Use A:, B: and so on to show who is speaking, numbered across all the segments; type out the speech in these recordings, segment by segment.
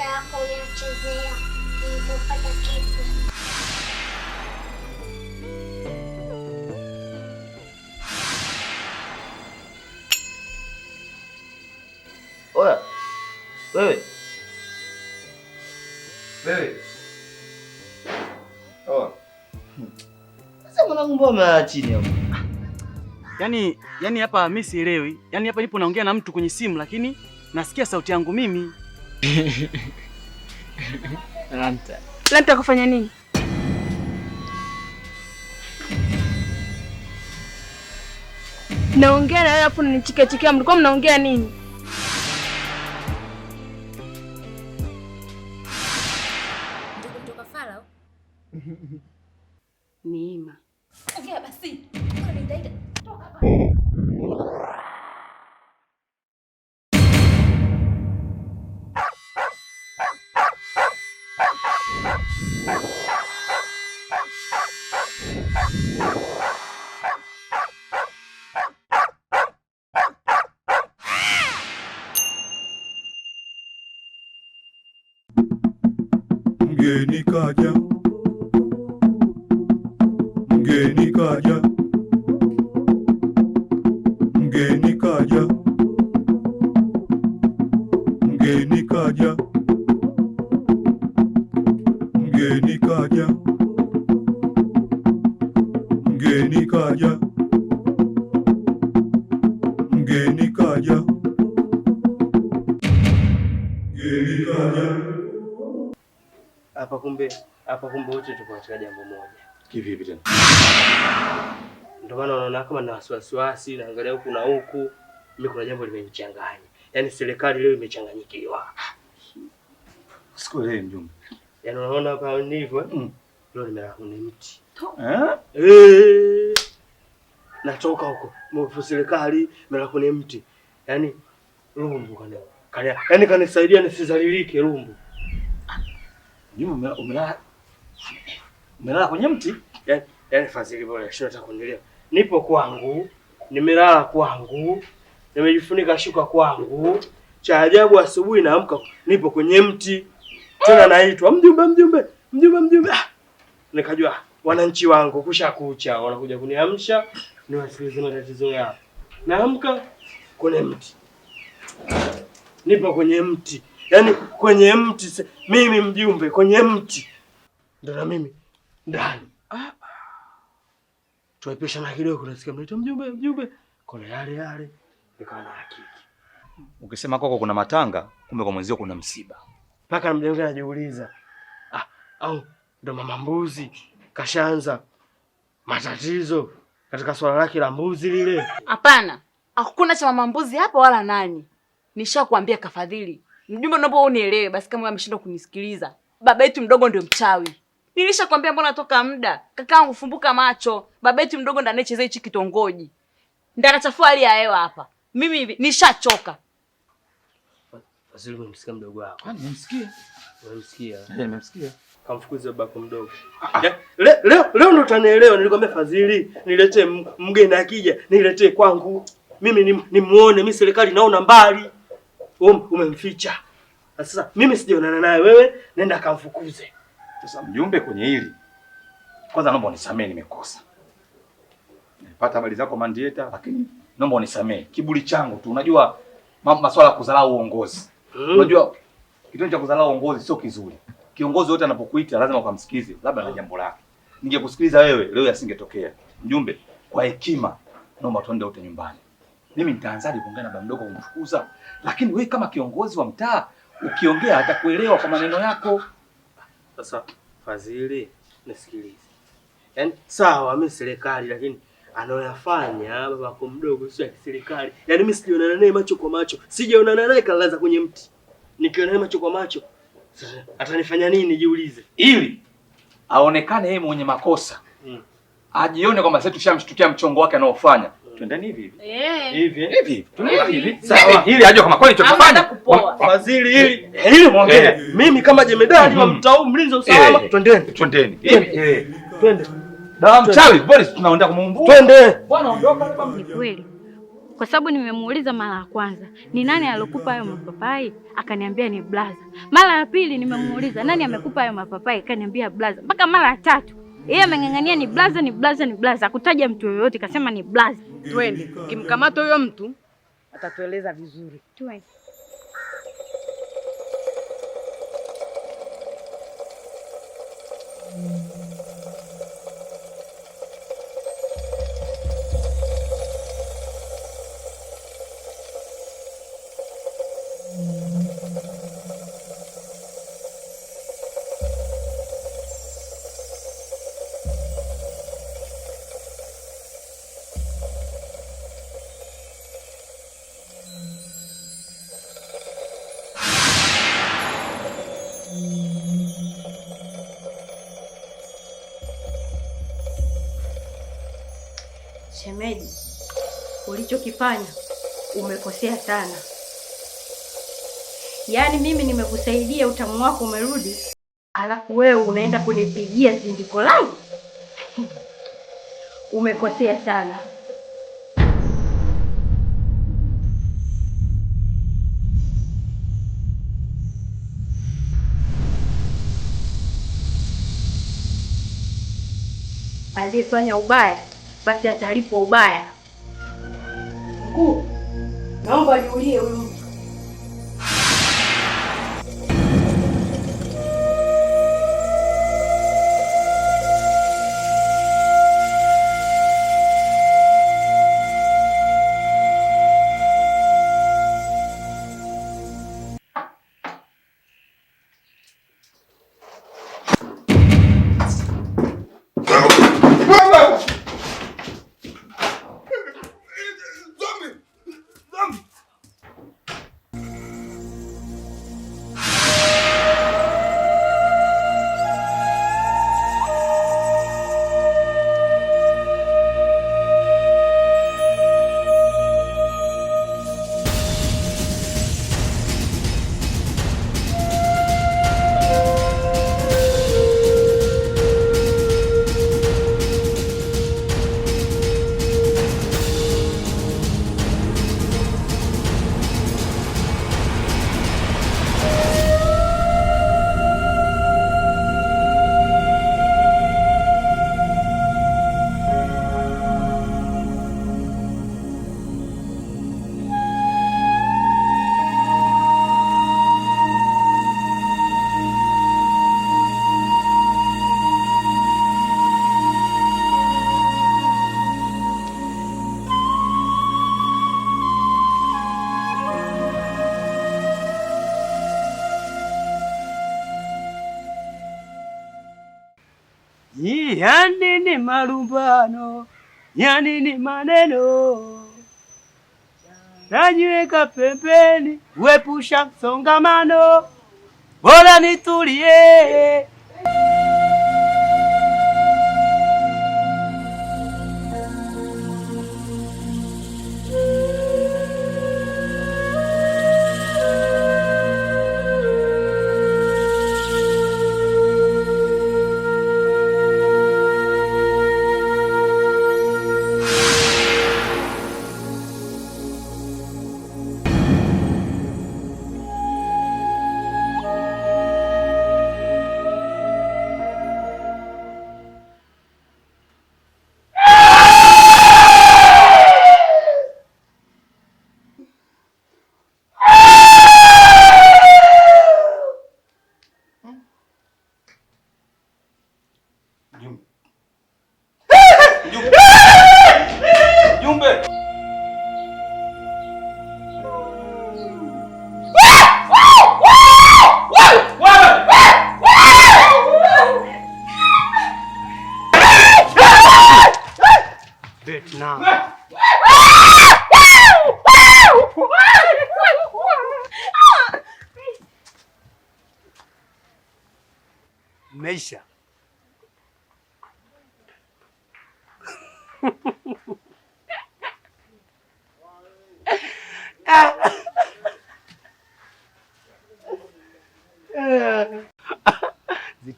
A: yako unachezea nilipopata kifo. Oya wewe wewe, oh. sasa mwanangu, mbona umelala chini hapo?
B: Yaani yaani hapa mimi sielewi, yaani hapa nipo naongea na mtu kwenye simu, lakini nasikia sauti yangu mimi.
A: Lanta.
C: Lanta kufanya nini? Naongea na wewe afu nichikechikia, mlikuwa mnaongea nini?
D: mgeni kaja,
A: mgeni kaja, mgeni kaja, mgeni kaja, mgeni kaja, mgeni kaja, mgeni kaja, mgeni kaja. hapa kumbe, hapa kumbe wote tuko katika jambo moja. Kivipi tena? Ndio maana unaona kama na wasiwasi, naangalia huku na huku, mimi kuna jambo limenichanganya. Yaani serikali leo imechanganyikiwa.
E: Sikuelewi mjumbe.
A: Yaani unaona hapa nilivyo eh? Mm. Leo nimelala ni mti. Eh? Eh. Natoka huko. Mfu serikali melala kwenye mti. Yaani rumbu kana. Yaani kanisaidia nisizalilike rumbu.
E: Nyuma umelala umelala kwenye mti
A: yani, yani Fadhili bora sio atakuendelea. Nipo kwangu, nimelala kwangu, nimejifunika shuka kwangu. Cha ajabu asubuhi naamka nipo kwenye mti tena naitwa mjumbe, mjumbe, mjumbe, mjumbe. Ah, nikajua wananchi wangu kusha kucha wanakuja kuniamsha niwasikilize matatizo yao. Naamka kwenye mti, nipo kwenye mti. Yaani kwenye mti mimi mjumbe kwenye mti ndo na mimi ndani. Ah. ah. Tuepesha na kidogo nasikia mnaita mjumbe mjumbe. Kuna yale yale nikawa na hakika.
E: Ukisema kwako kuna matanga, kumbe kwa mwenzio kuna msiba.
A: Mpaka mjumbe anajiuliza. Ah, au ndo mama mbuzi kashaanza matatizo katika swala lake la mbuzi lile.
C: Hapana, hakuna cha mama mbuzi hapo wala nani. Nishakwambia Kafadhili Mjumbe, naomba unielewe basi, kama ameshindwa kunisikiliza. Baba yetu mdogo ndio mchawi. Nilishakwambia mbona toka muda kakaangu, fumbuka macho. Baba yetu mdogo ndo anayechezea hichi kitongoji, ndiye anachafua hali ya hewa hapa. Mimi hivi nishachoka.
A: Fazili, umemsikia mdogo wako?
E: Kwani ah, umemsikia? Unamsikia? Eh, nimemsikia.
A: Kamfukuze babako mdogo. Leo leo ndo utanielewa. Nilikwambia Fadhili, niletee mgeni akija, niletee kwangu. Mimi nimuone, mimi serikali naona mbali umemficha. Sasa mimi sijaonana naye, wewe nenda kamfukuze.
E: Sasa mjumbe, kwenye hili kwanza, naomba unisamee, nimekosa. Nilipata habari zako Mandieta, lakini naomba unisamee, kiburi changu tu. Unajua masuala ya kudharau uongozi hmm. Unajua kitendo cha kudharau uongozi sio kizuri. Kiongozi yote anapokuita lazima ukamsikize, labda na jambo lake. Ningekusikiliza wewe leo yasingetokea. Mjumbe, kwa hekima naomba tuende wote nyumbani mimi nitaanzaje kuongea na baba mdogo kumfukuza? Lakini wewe kama kiongozi wa mtaa ukiongea atakuelewa kwa maneno yako.
A: Sasa Fadhili, nisikilize. Yaani sawa mimi serikali lakini anayoyafanya babako mdogo sio ya serikali. Yaani mimi sijionana naye macho kwa macho. Sijaonana naye kalaza kwenye mti. Nikiona naye macho kwa macho atanifanya nini jiulize?
E: Ili aonekane yeye mwenye makosa. Mm. Ajione kwamba sasa tushamshtukia mchongo wake anaofanya. Twendeni hivi hivi. Eh. Hivi eh? hivi. hivi. Sawa. Ili kama kweli
A: Mimi kama jemedari wa hmm. mtaa huu mlinzi usalama eh. twendeni. Twendeni.
E: Twende. Dawa mchawi tunaondoka kumumbua. Twende. Bwana ondoka hapa
C: Kweli. Kwa sababu nimemuuliza mara ya kwanza, ni nani alokupa hayo mapapai? Akaniambia ni blaza. Mara ya pili nimemuuliza, nani amekupa hayo mapapai? Akaniambia blaza. Mpaka mara ya tatu yeye ameng'ang'ania ni blaza, ni blaza, ni blaza, akutaja mtu yoyote, kasema ni blaza.
D: Twende, kimkamata huyo mtu atatueleza vizuri.
C: Twende. Shemeji, ulichokifanya umekosea sana. Yaani mimi nimekusaidia, utamu wako umerudi, alafu wewe unaenda kunipigia zindiko langu? Umekosea sana. Aliyefanya ubaya basi atalipwa ubaya.
D: Mkuu, naomba niulie huyu
A: yanini malumbano, yanini maneno, najiweka pembeni, wepusha msongamano, bora nitulie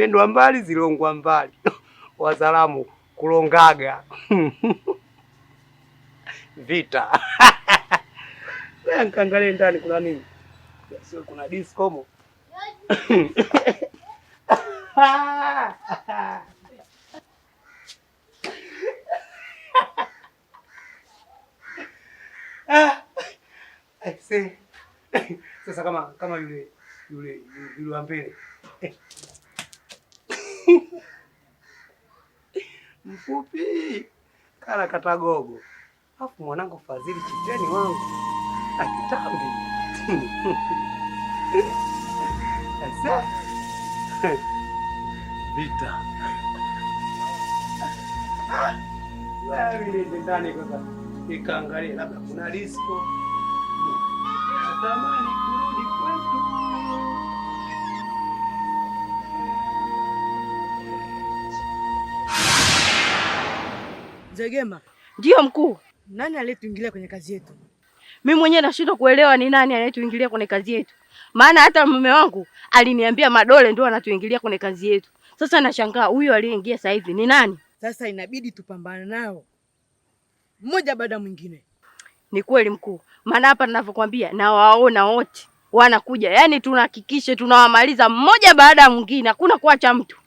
A: zilitendwa mbali, zilongwa mbali. Wazalamu kulongaga vita nikaangalia ndani kuna nini, sio kuna disco mo sasa kama kama yule yule yule wa mbele mfupi kala katagogo. Afu mwanangu Fadhili chiteni wangu akitambi
E: sasa vita
A: ndani kwanza, labda kuna disco natamani
C: Mzegema? Ndiyo mkuu.
D: Nani aliyetuingilia kwenye kazi yetu?
C: Mimi mwenyewe nashindwa kuelewa ni nani anayetuingilia kwenye kazi yetu, maana hata mume wangu aliniambia madole ndio anatuingilia kwenye kazi yetu. Sasa nashangaa huyo aliyeingia sasa hivi ni nani?
D: Sasa inabidi tupambane nao mmoja baada mwingine.
C: Ni kweli mkuu, maana hapa ninavyokwambia nawaona wote wanakuja, yaani tunahakikishe tunawamaliza mmoja baada ya mwingine, hakuna kuacha mtu.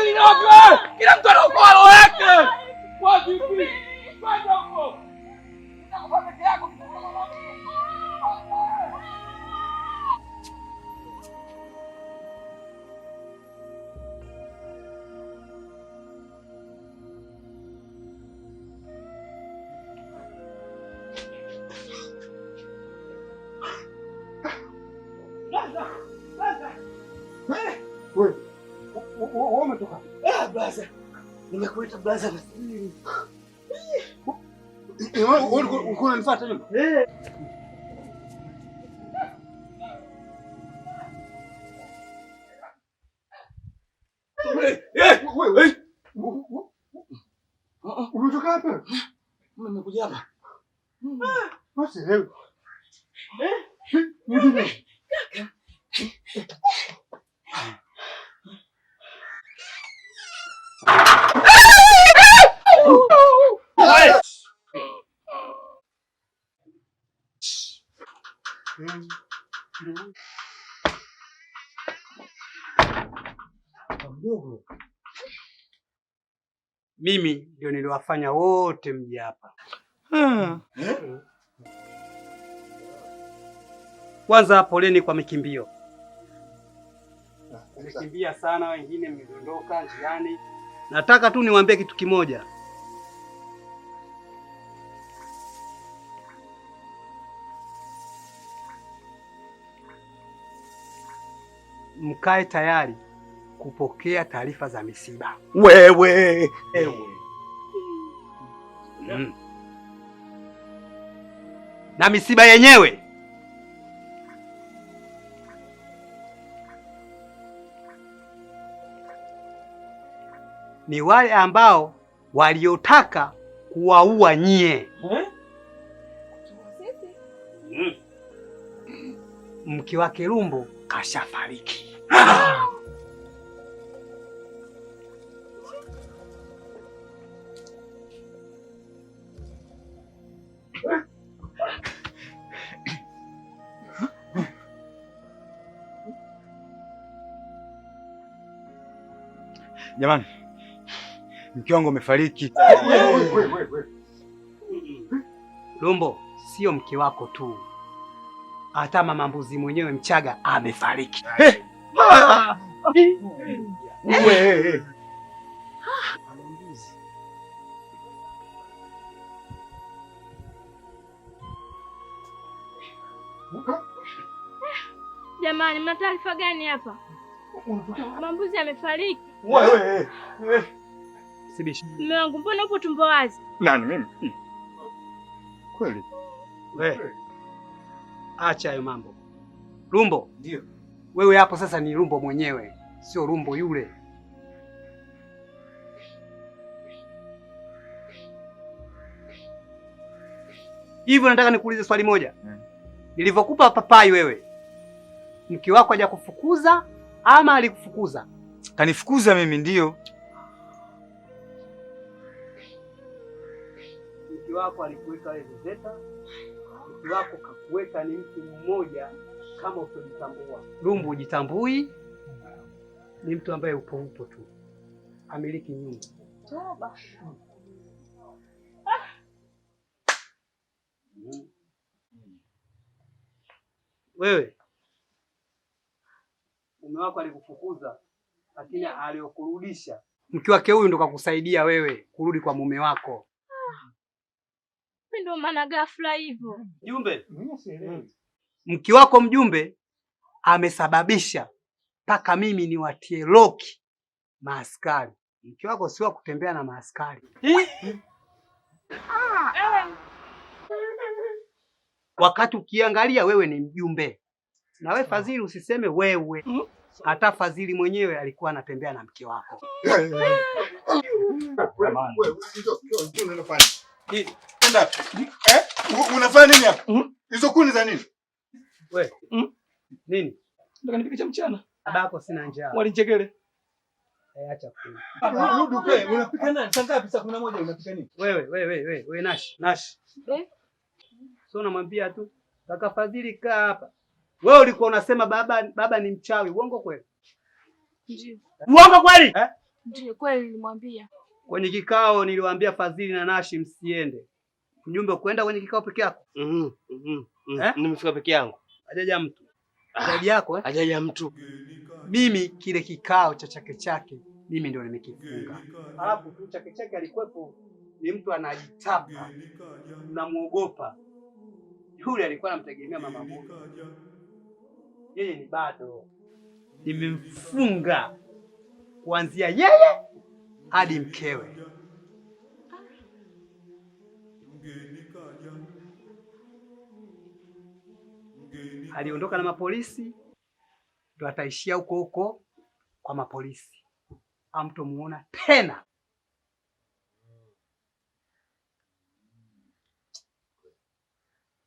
E: Pili na wako. Kila mtu ana ukoo wake. Kwa vipi? blaza. Eh, ulikuwa unanifuata nyuma? Eh. eh, eh Umetoka hapa? Nimekuja hapa. Wacha leo. Eh?
A: mimi ndio niliwafanya wote mje hapa kwanza. Hmm. Poleni kwa mikimbio, mmekimbia sana, wengine mmedondoka njiani. Nataka tu niwaambie kitu kimoja, mkae tayari kupokea taarifa za misiba.
E: Wewe ewe,
A: mm. na misiba yenyewe ni wale ambao waliotaka kuwaua nyie eh? mke wake Rumbo kashafariki. Jamani, mke wangu amefariki. Lumbo, sio mke wako tu, hata mama mbuzi mwenyewe Mchaga amefariki.
D: Jamani, mna taarifa gani hapa? Mambuzi amefariki.
E: Wewe.
D: Sibishi. Mume wangu mbona upo tumbo wazi?
E: Nani mimi? Hmm. Kweli.
A: Wewe. Acha hayo mambo. Rumbo. Ndio. Wewe hapo sasa ni Rumbo mwenyewe, sio Rumbo yule. Hivyo nataka nikuulize swali moja. Hmm. Nilivyokupa papai wewe, mke wako hajakufukuza ama alikufukuza?
E: Kanifukuza mimi, ndio.
A: Mke wako alikuweka wewe zeta, mke wako kakuweka ni mtu mmoja kama utojitambua. Lumbu ujitambui ni mtu ambaye upo upo tu, amiliki nyumba. Toba. Wewe mume wako alikufukuza, lakini aliyokurudisha mke wake huyu ndo kakusaidia wewe kurudi kwa mume wako. Ah,
D: ndio maana ghafla hivyo
A: mjumbe, mke wako mjumbe amesababisha mpaka mimi niwatie loki maaskari. Mke wako si wa kutembea na maaskari. Ah. Wakati ukiangalia wewe ni mjumbe na we Fadhili, usiseme wewe, mm. hata Fadhili mwenyewe alikuwa anatembea na mke wako. Eh? Unafanya nini hapa? Mm. Hizo kuni za nini? We. Mm. Nini? Ndio kanipika cha mchana. Babako sina njaa. Walichekele. Eh, acha kuni. Rudi ukae. Unapika nani? Saa ngapi? Saa 11 unapika nini? Wewe, wewe, wewe, wewe Nash, Nash. Eh? Sio namwambia tu. Kaka Fadhili kaa hapa. Wewe ulikuwa unasema baba baba ni mchawi, uongo kweli? Ndio. Uongo kweli? Eh? Ndio, kweli nilimwambia. Kwenye kikao niliwaambia Fadhili na Nashi msiende. Mjumbe kwenda kwenye kikao peke yako? Mhm. Mhm. mhm. Eh? Nimefika peke yangu. Hajaja mtu. Hajaja ah, yako eh? Hajaja mtu. Mimi kile kikao cha chake chake mimi ndio nimekifunga. Alafu tu chake chake alikuwepo ni mtu anajitapa. Namwogopa. Yule alikuwa anamtegemea mama mmoja yeye ni bado, nimemfunga kuanzia yeye hadi mkewe. Aliondoka na mapolisi, ndo ataishia huko huko kwa mapolisi, amtomuona tena.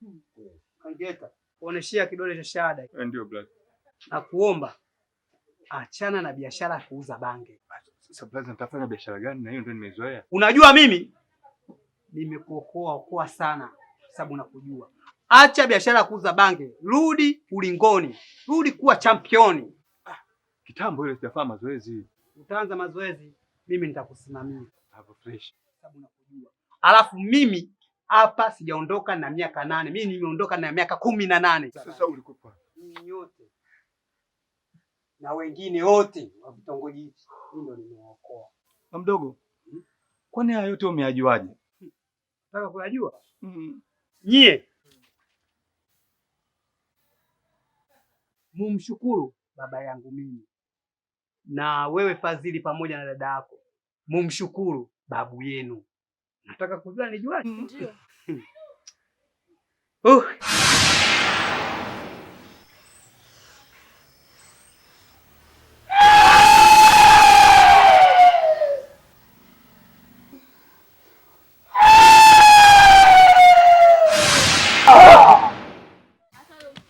A: Hmm. Kangeta kuoneshea kidole cha shahada eh, ndio brother. na kuomba achana na biashara ya kuuza bange. Sasa brother, nitafanya biashara gani? Na hiyo ndio nimezoea. Unajua mimi nimekuokoa okoa sana, sababu nakujua. Acha biashara ya kuuza bange, rudi ulingoni, rudi kuwa championi. Ah, kitambo ile sijafanya mazoezi. Utaanza mazoezi, mimi nitakusimamia hapo fresh, sababu nakujua. Alafu mimi hapa sijaondoka na miaka nane, mimi nimeondoka na miaka kumi na nane. Sasa ulikupa nyote na wengine wote wa vitongoji hivi ndio nimewaokoa. Na mdogo, hmm? kwani haya yote umeyajuaje? Nataka kuyajua mm-hmm. nyie. Mumshukuru baba yangu mimi na wewe Fadhili pamoja na dada yako, mumshukuru babu yenu Nataka kujua nijua. Mm. Ndio. Uh.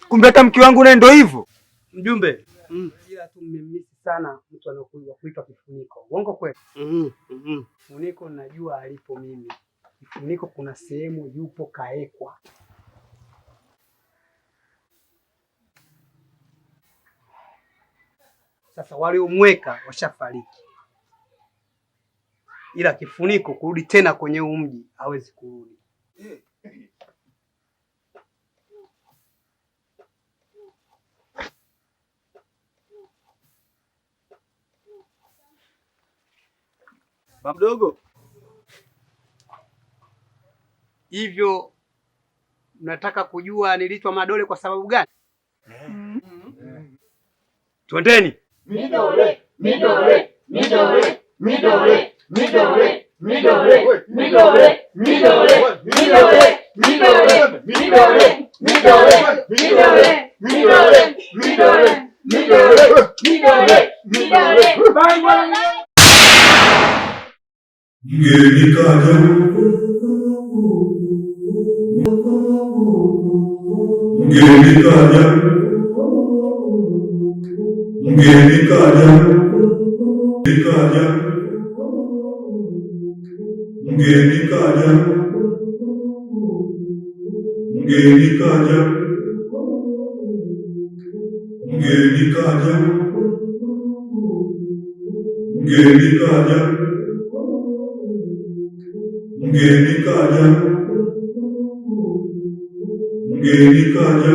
A: Kumbe hata mke wangu naye ndo hivyo. Mjumbe. Ila tu mmemisi sana mtu anakuitwa kifuniko. Uongo kweli? mm -hmm. Kifuniko najua alipo mimi. Kifuniko kuna sehemu yupo kaekwa. Sasa waliomweka washafariki, ila kifuniko kurudi tena kwenye umji hawezi kurudi. Eh. Baba mdogo, hivyo mnataka kujua nilitwa madole kwa sababu gani? Midole, Midole, Midole, midole, midole, midole, midole, midole. Ninguém me calhou. Ninguém me calhou. Ninguém me calhou. Me calhou. Ninguém me calhou. Ninguém me calhou. Ninguém me calhou. Ninguém me calhou. Ngeni kaya, ngeni kaya,